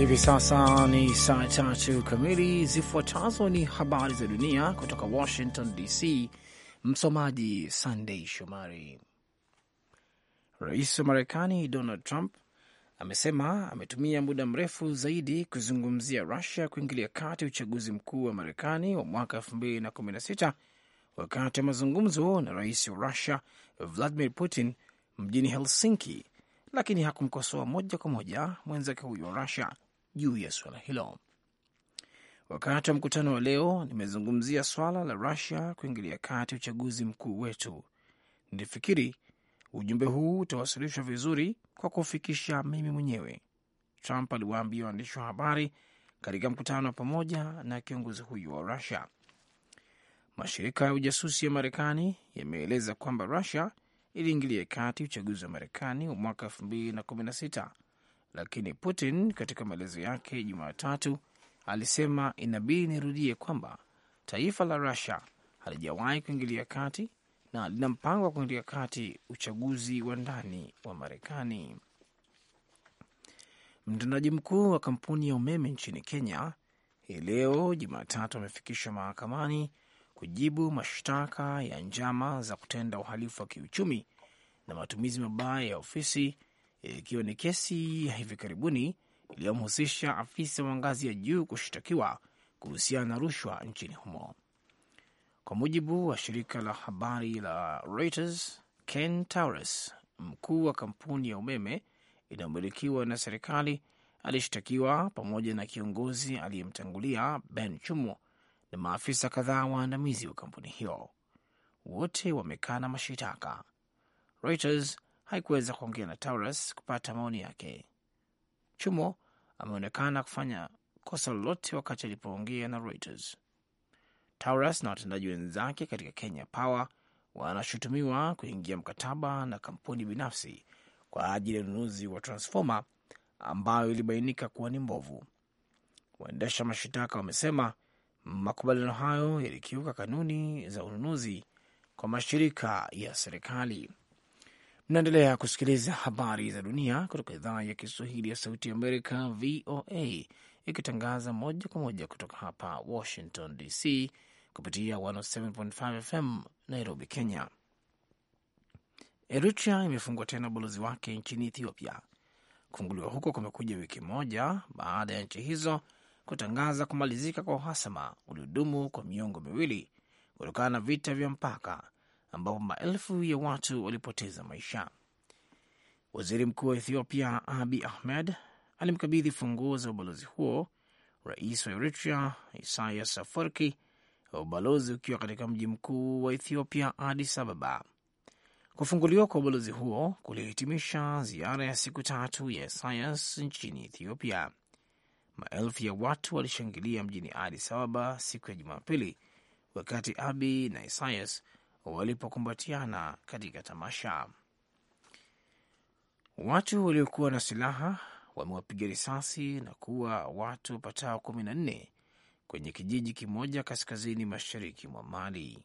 Hivi sasa ni saa tatu kamili. Zifuatazo ni habari za dunia kutoka Washington DC. Msomaji Sandei Shomari. Rais wa Marekani Donald Trump amesema ametumia muda mrefu zaidi kuzungumzia Rusia kuingilia kati uchaguzi mkuu wa Marekani wa mwaka 216 wakati wa mazungumzo na rais wa Rusia Vladimir Putin mjini Helsinki, lakini hakumkosoa moja kwa moja mwenzake huyo wa Rusia juu ya suala hilo. Wakati wa mkutano wa leo, nimezungumzia swala la Rusia kuingilia kati uchaguzi mkuu wetu. Nilifikiri ujumbe huu utawasilishwa vizuri kwa kufikisha mimi mwenyewe, Trump aliwaambia waandishi wa habari katika mkutano wa pamoja na kiongozi huyu wa Rusia. Mashirika ya ujasusi ya Marekani yameeleza kwamba Rusia iliingilia kati uchaguzi wa Marekani wa mwaka 2016 lakini Putin katika maelezo yake Jumatatu alisema inabidi nirudie kwamba taifa la Rusia halijawahi kuingilia kati na lina mpango wa kuingilia kati uchaguzi wa ndani wa Marekani. Mtendaji mkuu wa kampuni ya umeme nchini Kenya hii leo Jumatatu amefikishwa mahakamani kujibu mashtaka ya njama za kutenda uhalifu wa kiuchumi na matumizi mabaya ya ofisi ikiwa ni kesi ya hivi karibuni iliyomhusisha afisa wa ngazi ya juu kushtakiwa kuhusiana na rushwa nchini humo. Kwa mujibu wa shirika la habari la Reuters, Ken Towers, mkuu wa kampuni ya umeme inayomilikiwa na serikali, alishtakiwa pamoja na kiongozi aliyemtangulia Ben Chumo na maafisa kadhaa waandamizi wa kampuni hiyo. Wote wamekana mashitaka. Reuters haikuweza kuongea na Taurus kupata maoni yake. Chumo ameonekana kufanya kosa lolote wakati alipoongea na Reuters. Taurus na watendaji wenzake katika Kenya Power wanashutumiwa kuingia mkataba na kampuni binafsi kwa ajili ya ununuzi wa transfoma ambayo ilibainika kuwa ni mbovu. Waendesha mashitaka wamesema makubaliano hayo yalikiuka kanuni za ununuzi kwa mashirika ya serikali. Mnaendelea kusikiliza habari za dunia kutoka idhaa ya Kiswahili ya Sauti ya Amerika, VOA, ikitangaza moja kwa moja kutoka hapa Washington DC kupitia 107.5 FM Nairobi, Kenya. Eritrea imefungua tena ubalozi wake nchini Ethiopia. Kufunguliwa huko kumekuja wiki moja baada ya nchi hizo kutangaza kumalizika kwa uhasama uliodumu kwa miongo miwili kutokana na vita vya mpaka ambapo maelfu ya watu walipoteza maisha. Waziri mkuu wa Ethiopia Abi Ahmed alimkabidhi funguo za ubalozi huo rais wa Eritrea Isaias Afwerki, ubalozi ukiwa katika mji mkuu wa Ethiopia, Addis Ababa. Kufunguliwa kwa ubalozi huo kulihitimisha ziara ya siku tatu ya Isaias nchini Ethiopia. Maelfu ya watu walishangilia mjini adis Ababa siku ya Jumapili wakati Abi na Isaias walipokumbatiana katika tamasha. Watu waliokuwa na silaha wamewapiga risasi na kuwa watu wapatao kumi na nne kwenye kijiji kimoja kaskazini mashariki mwa Mali.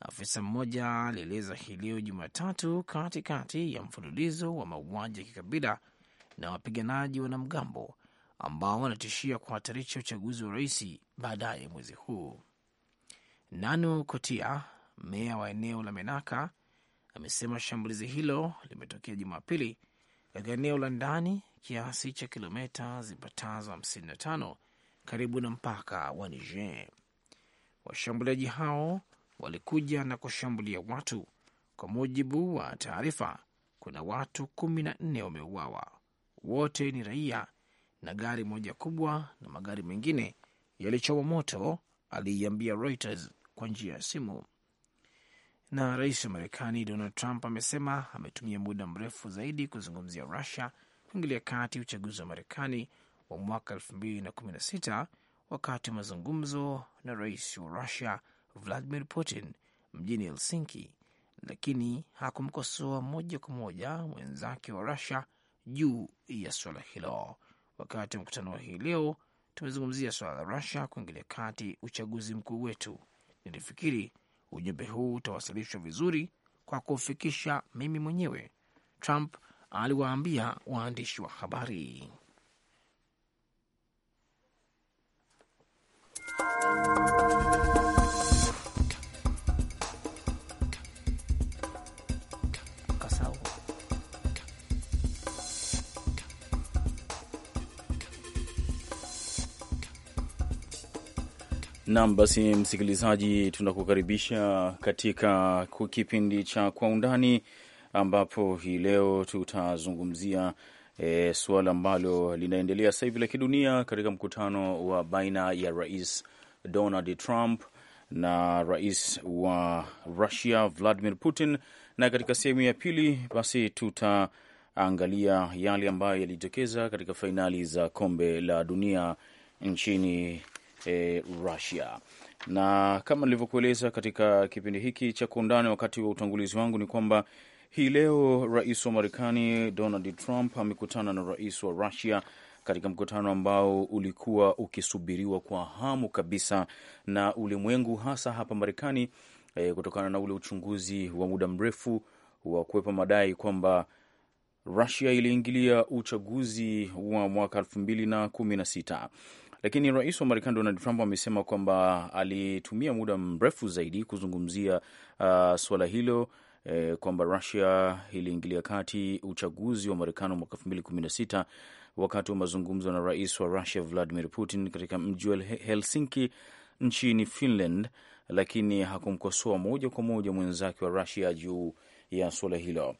Afisa mmoja alieleza hii leo Jumatatu, katikati ya mfululizo wa mauaji ya kikabila na wapiganaji wanamgambo ambao wanatishia kuhatarisha uchaguzi wa rais baadaye mwezi huu. Nano Kotia meya wa eneo la Menaka amesema shambulizi hilo limetokea Jumapili katika eneo la ndani kiasi cha kilometa zipatazo 55 karibu na mpaka wa Niger. Washambuliaji hao walikuja na kushambulia watu. Kwa mujibu wa taarifa, kuna watu kumi na nne wameuawa, wote ni raia, na gari moja kubwa na magari mengine yalichoma moto, aliiambia Reuters kwa njia ya simu na rais wa Marekani Donald Trump amesema ametumia muda mrefu zaidi kuzungumzia Rusia kuingilia kati uchaguzi wa Marekani wa mwaka sita wakati wa mazungumzo na rais wa Rusia Vladimir Putin mjini Helsinki, lakini hakumkosoa moja kwa moja mwenzake wa Rusia juu ya suala hilo. Wakati wa mkutano wa hii leo tumezungumzia swala la Rusia kuingilia kati uchaguzi mkuu wetu, nilifikiri ujumbe huu utawasilishwa vizuri kwa kufikisha mimi mwenyewe, Trump aliwaambia waandishi wa habari. Nam, basi msikilizaji, tunakukaribisha katika kipindi cha Kwa Undani, ambapo hii leo tutazungumzia e, suala ambalo linaendelea sasa hivi la kidunia katika mkutano wa baina ya Rais Donald Trump na rais wa Russia Vladimir Putin, na katika sehemu ya pili basi tutaangalia yale ambayo yalijitokeza katika fainali za kombe la dunia nchini e, Russia. Na kama nilivyokueleza katika kipindi hiki cha Kwa Undani wakati wa utangulizi wangu ni kwamba hii leo rais wa Marekani Donald Trump amekutana na rais wa Russia katika mkutano ambao ulikuwa ukisubiriwa kwa hamu kabisa na ulimwengu, hasa hapa Marekani e, kutokana na ule uchunguzi wa muda mrefu wa kuwepa madai kwamba Rusia iliingilia uchaguzi wa mwaka elfu mbili na kumi na sita. Lakini rais wa Marekani Donald Trump amesema kwamba alitumia muda mrefu zaidi kuzungumzia uh, suala hilo eh, kwamba Russia iliingilia kati uchaguzi wa Marekani wa mwaka 2016 wakati wa mazungumzo na rais wa Russia Vladimir Putin katika mji wa Helsinki nchini Finland, lakini hakumkosoa moja kwa moja mwenzake wa Russia juu ya suala hilo.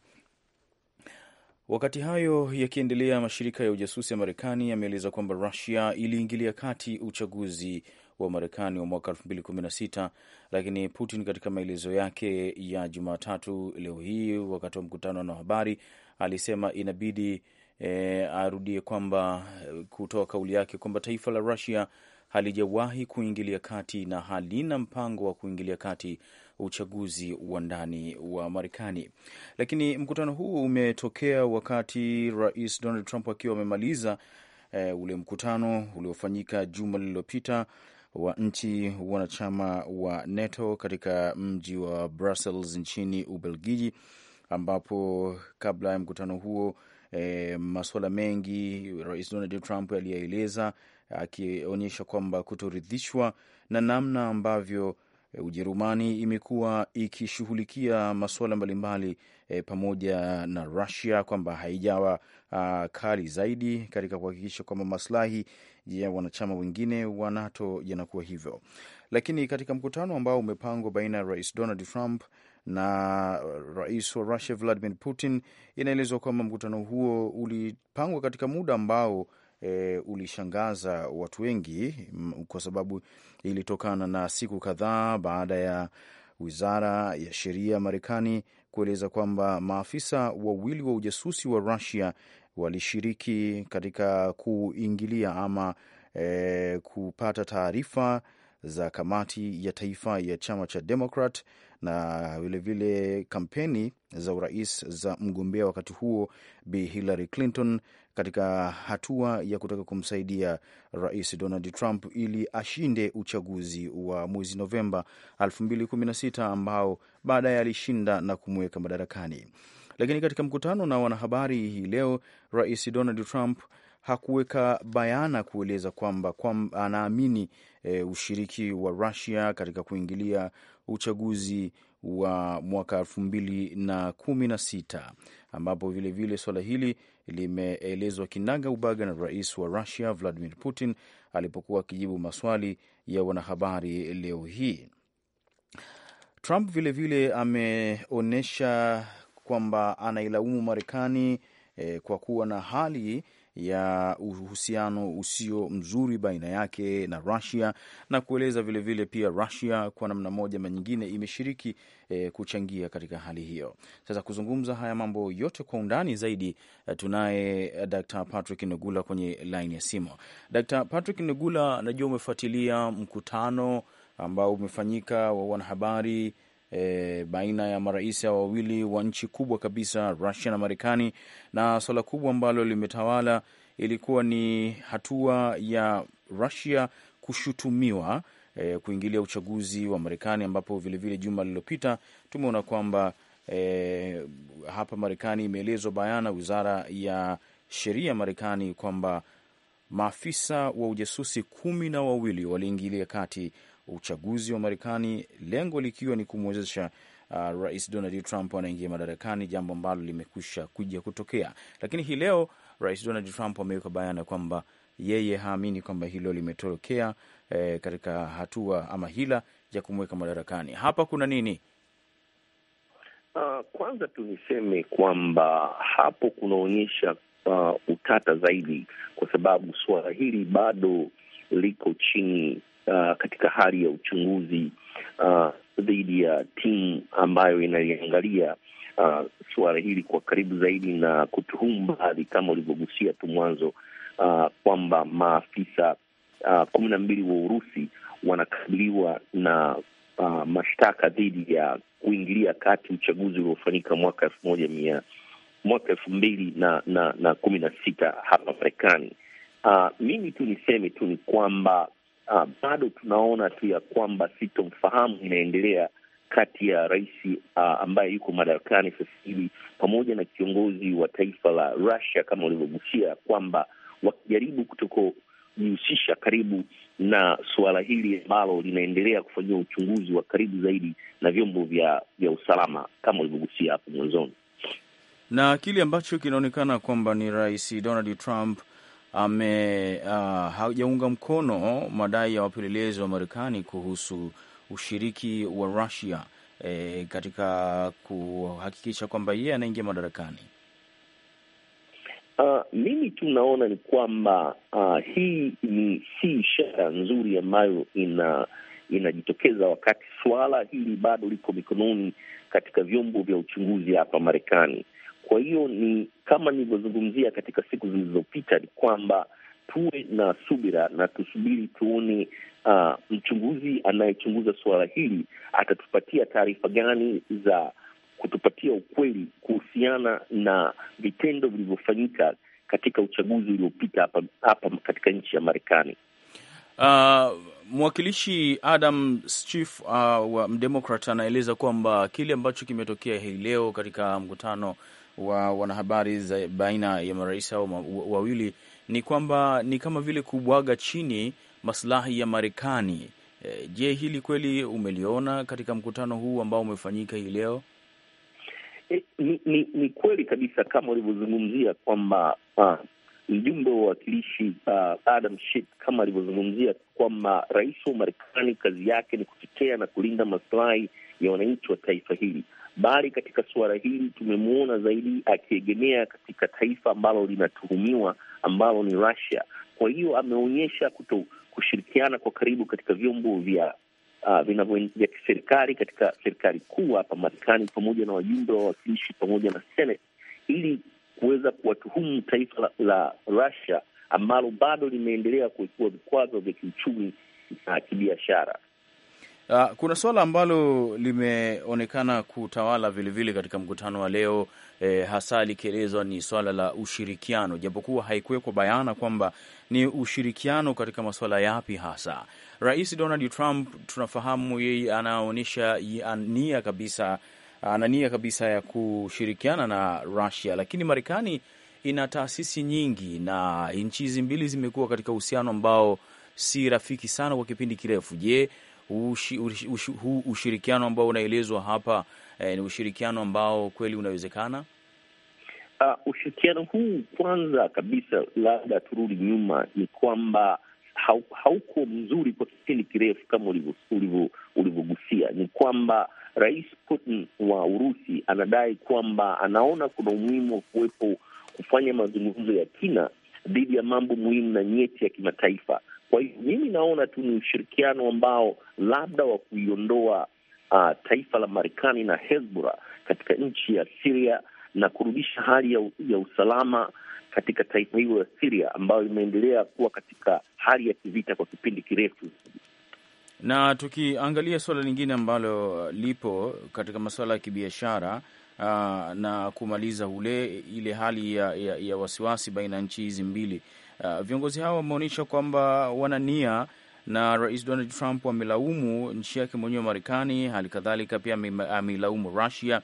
Wakati hayo yakiendelea, mashirika ya ujasusi ya Marekani yameeleza kwamba Rusia iliingilia kati uchaguzi wa Marekani wa mwaka 2016 lakini Putin katika maelezo yake ya Jumatatu leo hii wakati wa mkutano na habari alisema inabidi e, arudie kwamba eh, kutoa kauli yake kwamba taifa la Rusia halijawahi kuingilia kati na halina mpango wa kuingilia kati uchaguzi wa ndani wa Marekani. Lakini mkutano huu umetokea wakati Rais Donald Trump akiwa amemaliza e, ule mkutano uliofanyika juma lililopita wa nchi wanachama wa NATO katika mji wa Brussels nchini Ubelgiji, ambapo kabla ya mkutano huo e, eh, masuala mengi Rais Donald Trump aliyaeleza akionyesha kwamba kutoridhishwa na namna ambavyo Ujerumani imekuwa ikishughulikia masuala mbalimbali e, pamoja na rusia kwamba haijawa a, ah, kali zaidi katika kuhakikisha kwamba maslahi ya wanachama wengine wa NATO yanakuwa hivyo. Lakini katika mkutano ambao umepangwa baina ya Rais Donald Trump na rais wa Russia Vladimir Putin, inaelezwa kwamba mkutano huo ulipangwa katika muda ambao e, ulishangaza watu wengi mm, kwa sababu ilitokana na siku kadhaa baada ya wizara ya sheria ya Marekani kueleza kwamba maafisa wawili wa ujasusi wa Rusia walishiriki katika kuingilia ama e, kupata taarifa za kamati ya taifa ya chama cha Demokrat na vilevile kampeni za urais za mgombea wakati huo Bi Hillary Clinton katika hatua ya kutaka kumsaidia Rais Donald Trump ili ashinde uchaguzi wa mwezi Novemba 2016 ambao baadaye alishinda na kumweka madarakani. Lakini katika mkutano na wanahabari hii leo, Rais Donald Trump hakuweka bayana kueleza kwamba kwa anaamini e, ushiriki wa Rusia katika kuingilia uchaguzi wa mwaka elfu mbili na kumi na sita ambapo vilevile suala hili limeelezwa kinaga ubaga na rais wa Rusia Vladimir Putin alipokuwa akijibu maswali ya wanahabari leo hii. Trump vilevile ameonyesha kwamba anailaumu Marekani e, kwa kuwa na hali ya uhusiano usio mzuri baina yake na Russia na kueleza vilevile vile pia Russia kwa namna moja ama nyingine imeshiriki e, kuchangia katika hali hiyo. Sasa kuzungumza haya mambo yote kwa undani zaidi, eh, tunaye eh, Dr. Patrick Negula kwenye laini ya simu. Dr. Patrick Negula, najua umefuatilia mkutano ambao umefanyika wa wanahabari e, baina ya marais hao wawili wa nchi kubwa kabisa Rusia na Marekani, na swala kubwa ambalo limetawala ilikuwa ni hatua ya Rusia kushutumiwa e, kuingilia uchaguzi wa Marekani, ambapo vilevile juma lililopita tumeona kwamba e, hapa Marekani imeelezwa bayana, wizara ya sheria ya Marekani kwamba maafisa wa ujasusi kumi na wawili waliingilia kati uchaguzi wa Marekani, lengo likiwa ni kumwezesha uh, Rais Donald Trump anaingia madarakani, jambo ambalo limekwisha kuja kutokea. Lakini hii leo Rais Donald Trump ameweka bayana kwamba yeye haamini kwamba hilo limetokea eh, katika hatua ama hila ya kumweka madarakani. Hapa kuna nini? Uh, kwanza tu niseme kwamba hapo kunaonyesha uh, utata zaidi, kwa sababu suala hili bado liko chini uh, katika hali ya uchunguzi uh, dhidi ya timu ambayo inaliangalia uh, suala hili kwa karibu zaidi na kutuhumu baadhi, kama ulivyogusia tu mwanzo uh, kwamba maafisa uh, kumi na mbili wa Urusi wanakabiliwa na uh, mashtaka dhidi ya kuingilia kati uchaguzi uliofanyika mwaka elfu moja mia mwaka elfu mbili na, na, na kumi na sita hapa Marekani. Uh, mimi tu niseme tu ni kwamba uh, bado tunaona tu ya kwamba sitomfahamu inaendelea kati ya rais uh, ambaye yuko madarakani sasa hivi pamoja na kiongozi wa taifa la Russia, kama ulivyogusia kwamba wakijaribu kutokojihusisha karibu na suala hili ambalo linaendelea kufanyiwa uchunguzi wa karibu zaidi na vyombo vya, vya usalama kama ulivyogusia hapo mwanzoni, na kile ambacho kinaonekana kwamba ni rais Donald Trump ame uh, ah, hajaunga mkono madai ya wapelelezi wa Marekani kuhusu ushiriki wa Rusia eh, katika kuhakikisha kwamba yeye anaingia madarakani. Uh, mimi naona ni kwamba uh, hii ni si ishara nzuri ambayo ina inajitokeza wakati suala hili bado liko mikononi katika vyombo vya uchunguzi hapa Marekani. Kwa hiyo ni kama nilivyozungumzia katika siku zilizopita, ni kwamba tuwe na subira na tusubiri tuone, uh, mchunguzi anayechunguza suala hili atatupatia taarifa gani za kutupatia ukweli kuhusiana na vitendo vilivyofanyika katika uchaguzi uliopita hapa hapa katika nchi ya Marekani. Uh, mwakilishi Adam Schiff uh, wa Mdemokrat anaeleza kwamba kile ambacho kimetokea hii leo katika mkutano wa wanahabari za baina ya marais hao wawili ni kwamba ni kama vile kubwaga chini maslahi ya Marekani. E, je, hili kweli umeliona katika mkutano huu ambao umefanyika hii leo? E, ni, ni, ni kweli kabisa kama ulivyozungumzia kwamba mjumbe wa wakilishi uh, Adam Schiff kama alivyozungumzia kwamba rais wa Marekani kazi yake ni kutetea na kulinda maslahi ya wananchi wa taifa hili bali katika suala hili tumemwona zaidi akiegemea katika taifa ambalo linatuhumiwa ambalo ni Russia. Kwa hiyo ameonyesha kuto kushirikiana kwa karibu katika vyombo vya uh, vinavyo vya kiserikali katika serikali kuu hapa Marekani pamoja na wajumbe wa wawakilishi pamoja na Senate ili kuweza kuwatuhumu taifa la, la Russia ambalo bado limeendelea kuwekiwa vikwazo vya kiuchumi na kibiashara. Uh, kuna suala ambalo limeonekana kutawala vilevile katika mkutano wa leo eh, hasa likielezwa ni swala la ushirikiano, japokuwa haikuwekwa bayana kwamba ni ushirikiano katika masuala yapi hasa. Rais Donald Trump tunafahamu yeye anaonyesha nia kabisa, ana nia kabisa ya kushirikiana na Russia, lakini Marekani ina taasisi nyingi na nchi hizi mbili zimekuwa katika uhusiano ambao si rafiki sana kwa kipindi kirefu. Je, ushi, ushi, ushi, huu ushirikiano ambao unaelezwa hapa eh, ni ushirikiano ambao kweli unawezekana? Uh, ushirikiano huu kwanza kabisa, labda turudi nyuma, ni kwamba hauko mzuri kwa kipindi kirefu kama ulivyogusia. Ni kwamba Rais Putin wa Urusi anadai kwamba anaona kuna umuhimu wa kuwepo kufanya mazungumzo ya kina dhidi ya mambo muhimu na nyeti ya kimataifa kwa hiyo mimi naona tu ni ushirikiano ambao labda wa kuiondoa uh, taifa la Marekani na Hezbollah katika nchi ya siria na kurudisha hali ya, ya usalama katika taifa hilo la siria ambayo imeendelea kuwa katika hali ya kivita kwa kipindi kirefu. Na tukiangalia suala lingine ambalo uh, lipo katika masuala ya kibiashara uh, na kumaliza ule ile hali ya, ya, ya wasiwasi baina ya nchi hizi mbili Uh, viongozi hao wameonyesha kwamba wana nia na Rais Donald Trump amelaumu nchi yake mwenyewe Marekani, hali kadhalika pia ameilaumu rusia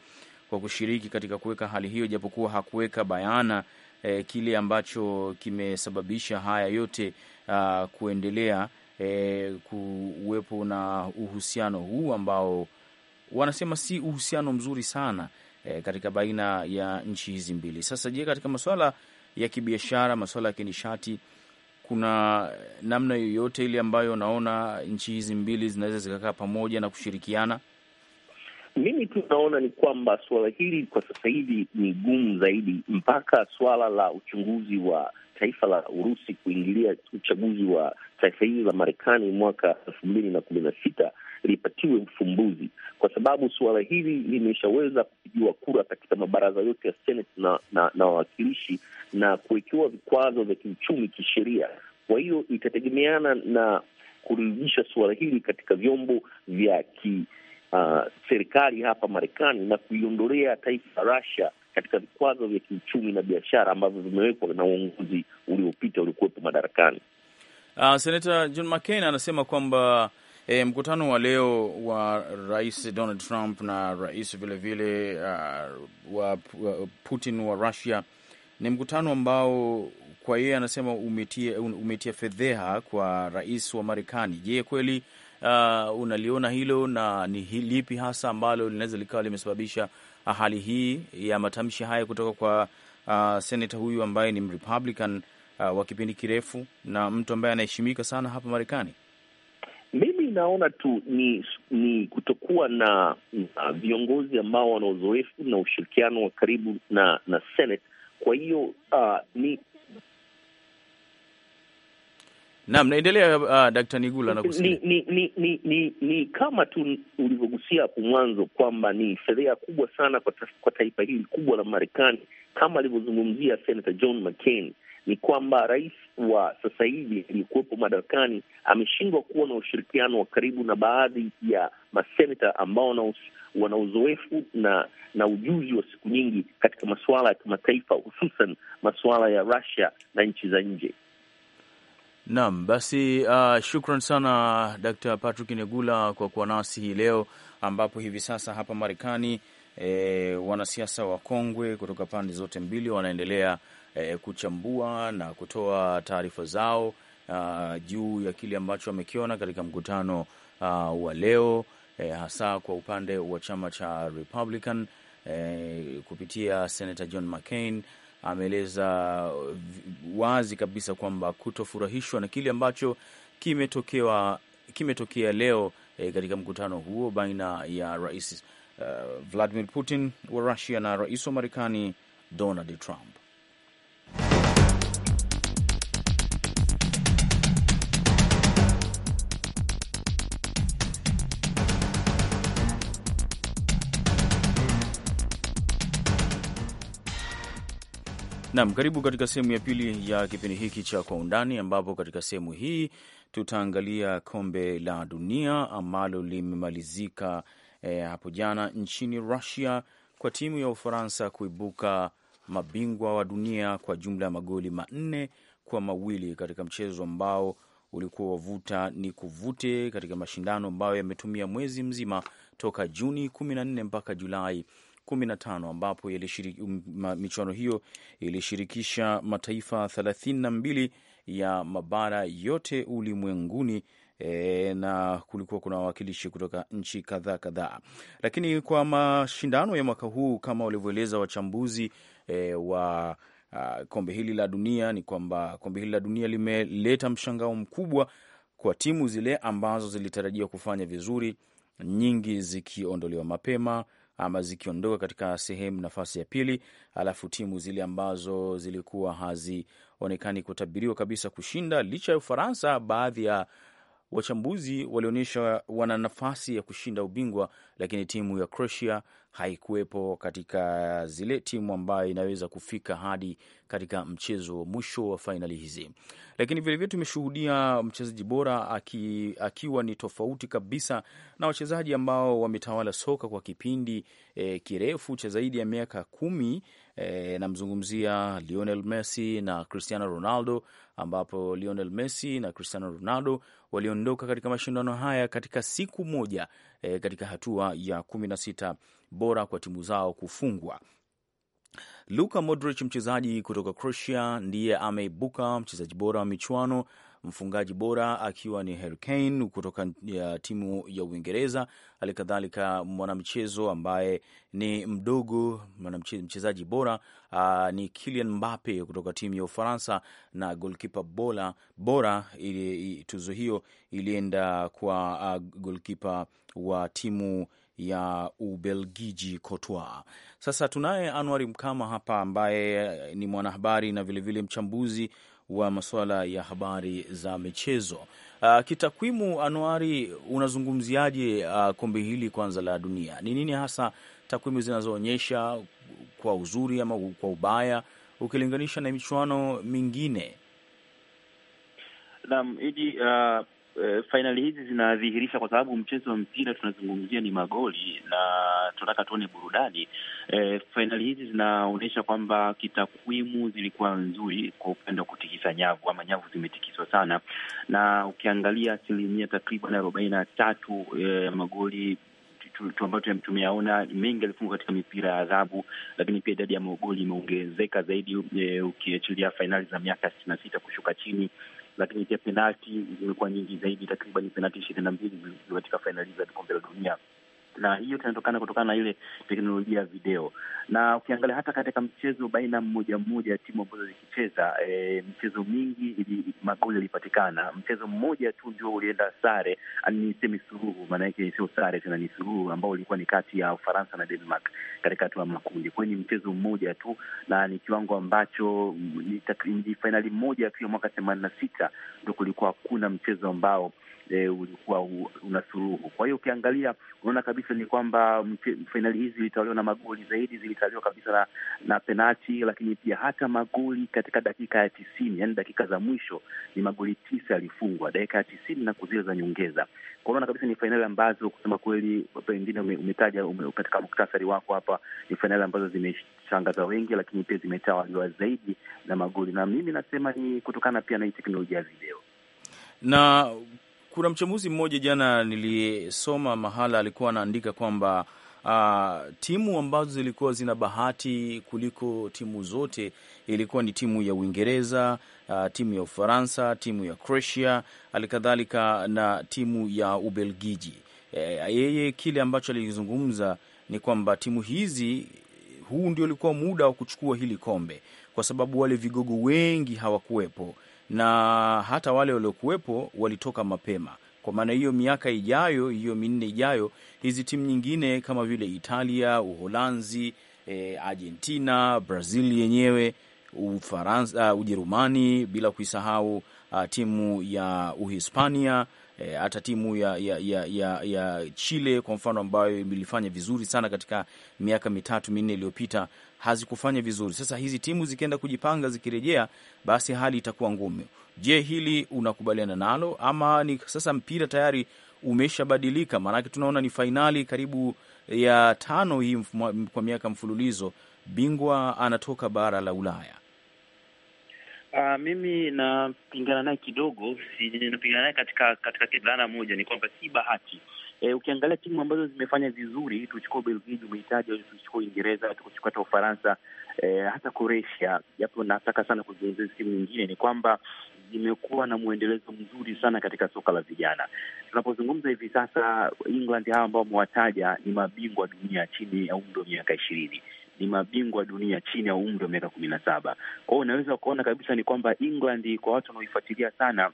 kwa kushiriki katika kuweka hali hiyo, japokuwa hakuweka bayana eh, kile ambacho kimesababisha haya yote uh, kuendelea eh, kuwepo na uhusiano huu ambao wanasema si uhusiano mzuri sana eh, katika baina ya nchi hizi mbili. Sasa je, katika masuala ya kibiashara, masuala ya kinishati, kuna namna yoyote ile ambayo unaona nchi hizi mbili zinaweza zikakaa pamoja na kushirikiana? Mimi tu naona ni kwamba suala hili kwa sasa hivi ni gumu zaidi, mpaka suala la uchunguzi wa taifa la Urusi kuingilia uchaguzi wa taifa hili la Marekani mwaka elfu mbili na kumi na sita lipatiwe ufumbuzi, kwa sababu suala hili limeshaweza kupigiwa kura katika mabaraza yote ya Senate na wawakilishi na, na kuwekewa vikwazo vya kiuchumi, kisheria. Kwa hiyo itategemeana na kurudisha suala hili katika vyombo vya ki uh, serikali hapa Marekani na kuiondolea taifa la Russia katika vikwazo vya kiuchumi na biashara ambavyo vimewekwa na uongozi uliopita uliokuwepo madarakani. Uh, Senata John McCain anasema kwamba E, mkutano wa leo wa Rais Donald Trump na rais vilevile uh, wa Putin wa Russia ni mkutano ambao kwa yeye anasema umetia, umetia fedheha kwa rais wa Marekani. Je, kweli uh, unaliona hilo na ni lipi hasa ambalo linaweza likawa limesababisha hali hii ya matamshi haya kutoka kwa uh, senata huyu ambaye ni Mrepublican uh, wa kipindi kirefu na mtu ambaye anaheshimika sana hapa Marekani? naona tu ni ni kutokuwa na, na viongozi ambao wana uzoefu na ushirikiano wa karibu na na Senate. Kwa hiyo uh, ni naam, naendelea uh, ah, Dkt. Nigula na ni, ni, ni, ni, ni, ni kama tu ulivyogusia hapo mwanzo kwamba ni fedheha kubwa sana kwa, ta, kwa taifa hili kubwa la Marekani kama alivyozungumzia Senator John McCain ni kwamba rais wa sasa hivi aliyekuwepo madarakani ameshindwa kuwa na ushirikiano wa karibu na baadhi ya maseneta ambao wana uzoefu na na ujuzi wa siku nyingi katika masuala ya kimataifa, hususan masuala ya Russia na nchi za nje. Naam, basi uh, shukran sana Dr. Patrick Negula kwa kuwa nasi hii leo, ambapo hivi sasa hapa Marekani eh, wanasiasa wakongwe kutoka pande zote mbili wanaendelea eh, kuchambua na kutoa taarifa zao uh, juu ya kile ambacho wamekiona katika mkutano ah, wa leo eh, hasa kwa upande wa chama cha Republican eh, kupitia Senator John McCain ameeleza wazi kabisa kwamba kutofurahishwa na kile ambacho kimetokea kimetokea leo e, katika mkutano huo baina ya rais uh, Vladimir Putin wa Russia na rais wa Marekani Donald Trump. Naam, karibu katika sehemu ya pili ya kipindi hiki cha Kwa Undani, ambapo katika sehemu hii tutaangalia kombe la dunia ambalo limemalizika eh, hapo jana nchini Russia kwa timu ya Ufaransa kuibuka mabingwa wa dunia kwa jumla ya magoli manne kwa mawili katika mchezo ambao ulikuwa wavuta ni kuvute katika mashindano ambayo yametumia mwezi mzima toka Juni 14 mpaka Julai tano ambapo um, michuano hiyo ilishirikisha mataifa mbili ya mabara yote ulimwenguni. E, na kulikuwa kuna wawakilishi kutoka nchi kadhaa kadhaa, lakini kwa mashindano ya mwaka huu kama walivyoeleza wachambuzi e, wa a, kombe hili la dunia ni kwamba kombe hili la dunia limeleta mshangao mkubwa kwa timu zile ambazo zilitarajiwa kufanya vizuri, nyingi zikiondolewa mapema ama zikiondoka katika sehemu nafasi ya pili, alafu timu zile ambazo zilikuwa hazionekani kutabiriwa kabisa kushinda, licha ya Ufaransa, baadhi ya wachambuzi walionyesha wana nafasi ya kushinda ubingwa, lakini timu ya Croatia haikuwepo katika zile timu ambayo inaweza kufika hadi katika mchezo wa mwisho wa fainali hizi. Lakini vilevile tumeshuhudia mchezaji bora aki, akiwa ni tofauti kabisa na wachezaji ambao wametawala soka kwa kipindi e, kirefu cha zaidi ya miaka kumi. E, namzungumzia Lionel Messi na Cristiano Ronaldo, ambapo Lionel Messi na Cristiano Ronaldo waliondoka katika mashindano haya katika siku moja e, katika hatua ya kumi na sita bora kwa timu zao kufungwa. Luka Modric mchezaji kutoka Croatia ndiye ameibuka mchezaji bora wa michuano mfungaji bora akiwa ni Harry Kane kutoka ya timu ya Uingereza, hali kadhalika mwanamchezo ambaye ni mdogo, mchezaji bora uh, ni Kylian Mbappe kutoka timu ya Ufaransa na golkipa bora, bora ili, tuzo hiyo ilienda kwa uh, golkipa wa timu ya Ubelgiji Courtois. Sasa tunaye anuari Mkama hapa ambaye ni mwanahabari na vilevile vile mchambuzi wa masuala ya habari za michezo. Uh, kitakwimu, Anuari, unazungumziaje uh, kombe hili kwanza la dunia? Ni nini hasa takwimu zinazoonyesha kwa uzuri ama kwa ubaya ukilinganisha na michuano mingine? Naam, hiji uh, ah, eh, fainali hizi zinadhihirisha, kwa sababu mchezo wa mpira tunazungumzia ni magoli na tunataka tuone burudani. eh, fainali hizi zinaonyesha kwamba kitakwimu zilikuwa nzuri kwa upande wa kutikisa nyavu ama nyavu zimetikiswa sana, na ukiangalia asilimia takriban arobaini na tatu ya eh, magoli ambayo tumeyaona mengi alifungwa katika mipira ya adhabu, lakini pia idadi ya magoli imeongezeka zaidi e, ukiachilia fainali za miaka sitini na sita kushuka chini lakini pia penalti zimekuwa nyingi zaidi, takriban penalti ishirini na mbili katika fainali za kombe la dunia na hiyo inatokana kutokana na ile teknolojia ya video, na ukiangalia hata katika mchezo baina mmoja mmoja ya timu ambazo zikicheza e, mchezo mingi ili magoli yalipatikana. Mchezo mmoja tu ndio ulienda sare, niseme suruhu, yake sio sare tena, ni suruhu ambao ulikuwa ni kati ya Ufaransa na Denmark katika hatua ya makundi. Kwa hiyo ni mchezo mmoja tu na ni kiwango ambacho ni fainali moja tu ya mwaka themanini na sita ndo kulikuwa hakuna mchezo ambao e, ulikuwa una suluhu. Kwa hiyo ukiangalia unaona kabisa ni kwamba fainali hizi zilitawaliwa na magoli zaidi, zilitawaliwa kabisa na, na penati, lakini pia hata magoli katika dakika ya tisini, yani dakika za mwisho ni magoli tisa yalifungwa dakika ya tisini na kuzile za nyongeza. Kwa unaona kabisa ni fainali ambazo kusema kweli pengine umetaja ume, katika muktasari wako hapa, ni fainali ambazo zimeshangaza wengi, lakini pia zimetawaliwa zaidi na magoli, na mimi nasema ni kutokana pia na hii teknolojia ya video na kuna mchambuzi mmoja jana nilisoma mahala alikuwa anaandika kwamba uh, timu ambazo zilikuwa zina bahati kuliko timu zote ilikuwa ni timu ya Uingereza, uh, timu ya Ufaransa, timu ya Croatia, halikadhalika na timu ya Ubelgiji. E, yeye kile ambacho alizungumza ni kwamba timu hizi, huu ndio ulikuwa muda wa kuchukua hili kombe, kwa sababu wale vigogo wengi hawakuwepo na hata wale waliokuwepo walitoka mapema. Kwa maana hiyo, miaka ijayo, hiyo minne ijayo, hizi timu nyingine kama vile Italia, Uholanzi, e, Argentina, Brazil yenyewe, Ufaransa, uh, Ujerumani, bila kuisahau uh, timu ya Uhispania eh, hata e, timu ya, ya, ya, ya, ya Chile kwa mfano ambayo ilifanya vizuri sana katika miaka mitatu minne iliyopita hazikufanya vizuri. Sasa hizi timu zikienda kujipanga, zikirejea, basi hali itakuwa ngumu. Je, hili unakubaliana nalo ama ni sasa mpira tayari umeshabadilika? Maanake tunaona ni fainali karibu ya tano hii kwa miaka mfululizo, bingwa anatoka bara la Ulaya. Uh, mimi napingana naye kidogo, napingana naye katika katika dhana moja, ni kwamba si bahati E, ukiangalia timu ambazo zimefanya vizuri, tuchukua Ubelgiji umehitaji, tuchukua Uingereza, tuchukua hata Ufaransa, e, hata Koresia, japo nataka sana kuzungumzia timu nyingine, ni kwamba zimekuwa na mwendelezo mzuri sana katika soka la vijana. Tunapozungumza hivi sasa, England hawa ambao wamewataja ni mabingwa dunia chini ya umri wa miaka ishirini ni mabingwa dunia chini ya umri wa miaka kumi na saba. Kwa hiyo unaweza ukaona kabisa ni kwamba England kwa watu wanaoifuatilia sana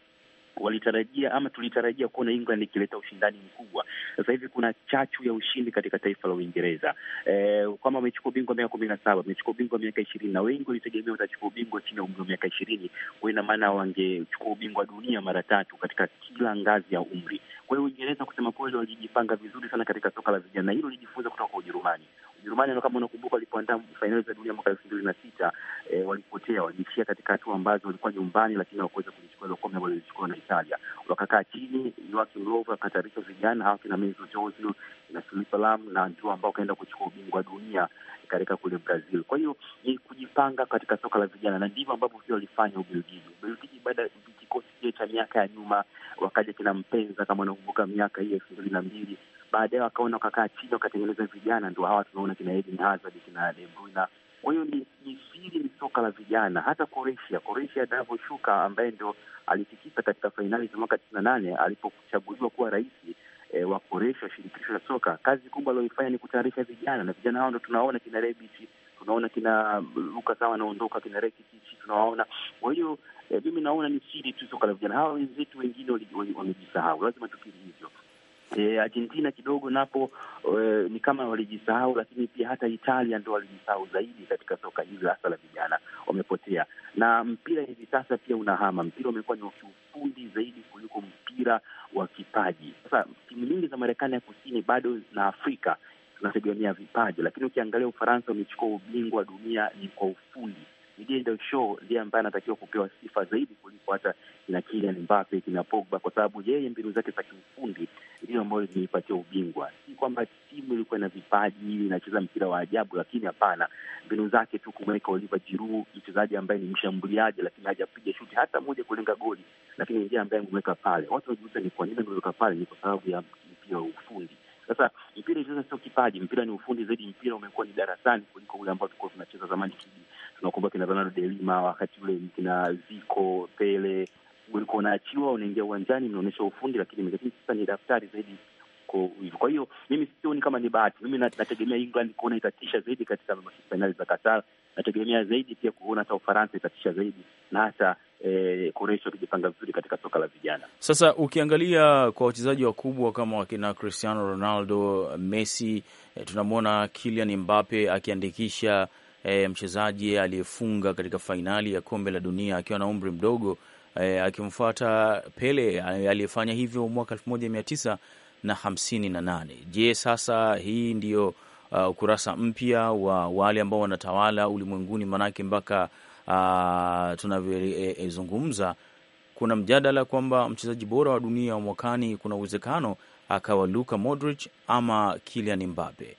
walitarajia ama tulitarajia kuona England ikileta ushindani mkubwa. Sasa hivi kuna chachu ya ushindi katika taifa la Uingereza e, kwamba wamechukua ubingwa miaka kumi na saba wamechukua ubingwa miaka ishirini na wengi walitegemea watachukua ubingwa chini ya umri wa miaka ishirini kwao ina maana wangechukua ubingwa dunia mara tatu katika kila ngazi ya umri. Kwa hiyo Uingereza kusema kweli walijipanga vizuri sana katika soka la vijana, hilo lijifunza kutoka kwa Ujerumani. Ujerumani kama unakumbuka, walipoandaa fainali za dunia mwaka elfu mbili na sita e, walipotea, waliishia katika hatua ambazo walikuwa nyumbani, lakini hawakuweza kulichukua kombe ambalo lilichukuliwa na Italia. Wakakaa chini, Joachim Löw akatayarisha vijana hawa kina Mesut Ozil na Philipp Lahm, na ndio ambao wakaenda kuchukua ubingwa wa dunia katika kule Brazil. Kwa hiyo ni kujipanga katika soka la vijana, na ndivyo ambavyo pia walifanya Ubelgiji. Ubelgiji baada ya kikosi kile cha miaka ya nyuma, wakaja kina Mpenza kama unakumbuka, miaka hii elfu mbili na mbili baadaye wakaona wakakaa chini wakatengeneza vijana, ndo hawa tunaona kina Eden Hazard kina De Bruyne. Kwa hiyo ni jisiri ni soka la vijana. Hata Koresha Koresha anavyoshuka ambaye ndo alitikisa katika fainali za mwaka tisini na nane alipochaguliwa kuwa rais e, wa Koresha, shirikisho la soka. Kazi kubwa aliyoifanya ni kutayarisha vijana, na vijana hao ndo tunaona kina Rebic, tunaona kina Luka sawa anaondoka, kina Rakitic tunawaona. Kwa hiyo eh, mimi naona ni siri tu soka la vijana. Hawa wenzetu wengine wamejisahau, lazima tukiri hivyo. E, Argentina kidogo napo e, ni kama walijisahau, lakini pia hata Italia ndo walijisahau zaidi katika soka hili hasa la vijana, wamepotea na mpira hivi sasa pia unahama. Mpira umekuwa ni wa kiufundi zaidi kuliko mpira wa kipaji. Sasa timu nyingi za Marekani ya Kusini bado na Afrika tunategemea vipaji, lakini ukiangalia Ufaransa umechukua ubingwa wa dunia ni kwa ufundi. Didier Deschamps ndiye ambaye anatakiwa kupewa sifa zaidi kuliko hata kina Kylian Mbappe, kina Pogba, kwa sababu yeye mbinu zake za kiufundi ndio ambayo limeipatia ubingwa. Si kwamba timu ilikuwa na vipaji inacheza mpira wa ajabu, lakini hapana, mbinu zake tu kumweka Oliva Jiru, mchezaji ambaye ni mshambuliaji, lakini hajapiga shuti hata moja kulenga goli, lakini ndiye ambaye amemweka pale. Watu wanajiuliza ni kwa nini ameweka pale, ni kwa sababu ya mpira wa ufundi. Sasa mpira hizo sio kipaji, mpira ni ufundi zaidi. Mpira umekuwa ni darasani kuliko ule ambao tulikuwa tunacheza zamani. Tunakumbuka kina Ronaldo de Lima wakati ule, kina Zico, Pele ulikuwa unaachiwa, unaingia uwanjani, unaonyesha ufundi, lakini imekatini sasa ni daftari zaidi Kwa hiyo mimi sioni kama ni bahati. Mimi nategemea England kuona itatisha zaidi katika fainali za Katar, Nategemea zaidi pia kuona hata Ufaransa itatisha zaidi na hata eh, Croatia wakijipanga vizuri katika soka la vijana. Sasa ukiangalia kwa wachezaji wakubwa kama wakina Cristiano Ronaldo, Messi, eh, tunamwona Kylian Mbappe akiandikisha eh, mchezaji aliyefunga katika fainali ya kombe la dunia akiwa na umri mdogo eh, akimfuata Pele eh, aliyefanya hivyo mwaka elfu moja mia tisa na hamsini na nane. Je, sasa hii ndiyo uh, ukurasa mpya wa wale ambao wanatawala ulimwenguni? Maanake mpaka uh, tunavyozungumza e, e, kuna mjadala kwamba mchezaji bora wa dunia wa mwakani kuna uwezekano akawa Luka Modric ama Kylian Mbappe.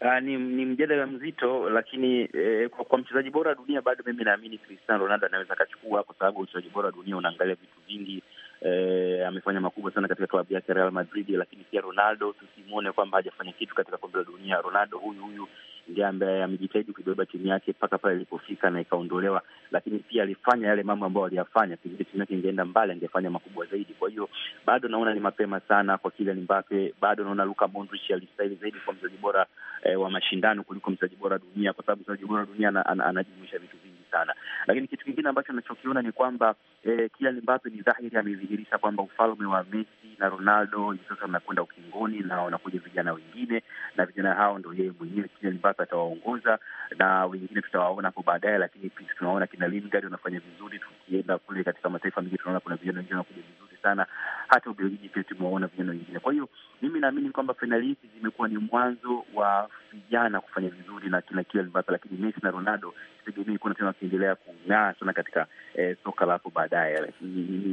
Uh, ni, ni mjadala mzito lakini eh, kwa, kwa mchezaji bora wa dunia bado mimi naamini Cristiano Ronaldo anaweza akachukua, kwa sababu mchezaji bora wa dunia unaangalia vitu vingi eh, amefanya makubwa sana katika klabu yake Real Madrid, lakini pia Ronaldo tusimwone kwamba hajafanya kitu katika kombe la dunia. Ronaldo huyu huyu ndiye ambaye amejitahidi kuibeba timu yake mpaka pale ilipofika na ikaondolewa, lakini pia alifanya yale mambo ambayo aliyafanya. Pengine timu yake ingeenda mbali, angefanya makubwa zaidi. Kwa hiyo bado naona ni mapema sana kwa Kylian Mbappe, bado naona Luka Modric alistahili zaidi kwa mchezaji bora eh, wa mashindano kuliko mchezaji bora dunia, kwa sababu mchezaji bora dunia anajumuisha vitu vingi sana. Lakini kitu kingine ambacho nachokiona ni kwamba eh, Kylian Mbappe ni dhahiri amedhihirisha kwamba ufalme wa Messi na Ronaldo hivi sasa unakwenda ukingoni na wanakuja vijana wengine, na vijana hao ndo yeye mwenyewe Kylian Mbappe atawaongoza, na wengine tutawaona hapo baadaye. Lakini tunaona kina Lingard wanafanya vizuri, tukienda kule katika mataifa mengi tunaona kuna vijana wengine wanakuja vizuri sana, hata Ubelgiji pia tumewaona vijana wengine. Kwa hiyo mimi naamini kwamba fainali hizi zimekuwa ni mwanzo wa vijana kufanya vizuri na kina Kylian Mbappe, lakini Messi na Ronaldo sitegemei kuna tena wakiendelea kung'aa sana katika eh, soka la hapo baadaye,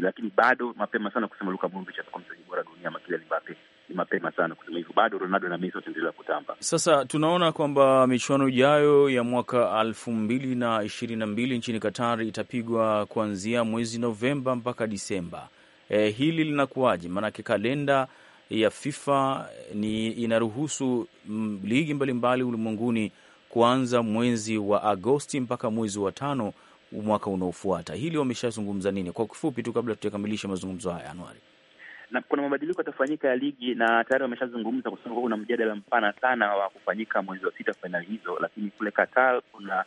lakini bado mapema sana kusema Luka Modric atakuwa mchezaji bora dunia ama Kylian Mbappe ni mapema sana kusema hivyo, bado Ronaldo na Messi wataendelea kutamba. Sasa tunaona kwamba michuano ijayo ya mwaka elfu mbili na ishirini na mbili nchini Qatar itapigwa kuanzia mwezi Novemba mpaka Disemba e, hili linakuwaje? Maanake kalenda ya FIFA ni inaruhusu mm, ligi mbalimbali ulimwenguni kuanza mwezi wa Agosti mpaka mwezi wa tano mwaka unaofuata. Hili wameshazungumza nini? Kwa kifupi tu, kabla tutakamilisha mazungumzo haya, Anuari na kuna mabadiliko yatafanyika ya ligi, na tayari wameshazungumza sababu kuna mjadala mpana sana wa kufanyika mwezi wa sita fainali hizo, lakini kule Katal kuna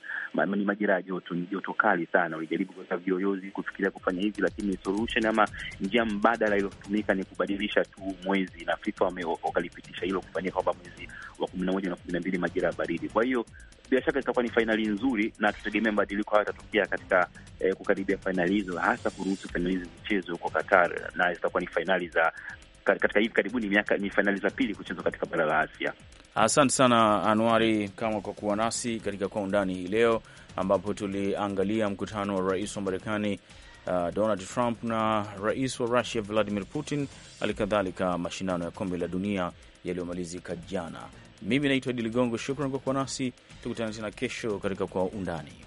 ni majira ya joto, ni joto kali sana. Walijaribu kuweka vioyozi kufikiria kufanya hivi, lakini solution ama njia mbadala iliyotumika ni kubadilisha tu mwezi, na FIFA wakalipitisha hilo kufanyika kwamba mwezi wa kumi na moja na kumi na mbili majira ya baridi. Kwa hiyo bila shaka itakuwa ni fainali nzuri, na tutegemea mabadiliko hayo yatatokea katika eh, kukaribia fainali hizo, hasa kuruhusu fainali hizi zichezwe huko Qatar, na zitakuwa ni fainali za katika hivi karibuni miaka ni fainali za pili kuchezwa katika bara la Asia. Asante sana Anuari kama kwa kuwa nasi katika kwa undani hii leo, ambapo tuliangalia mkutano wa rais wa Marekani uh, Donald Trump na rais wa Russia Vladimir Putin, halikadhalika mashindano ya kombe la dunia yaliyomalizika jana. Mimi naitwa Idi Ligongo, shukran kwa kuwa nasi. Tukutane tena kesho katika Kwa Undani.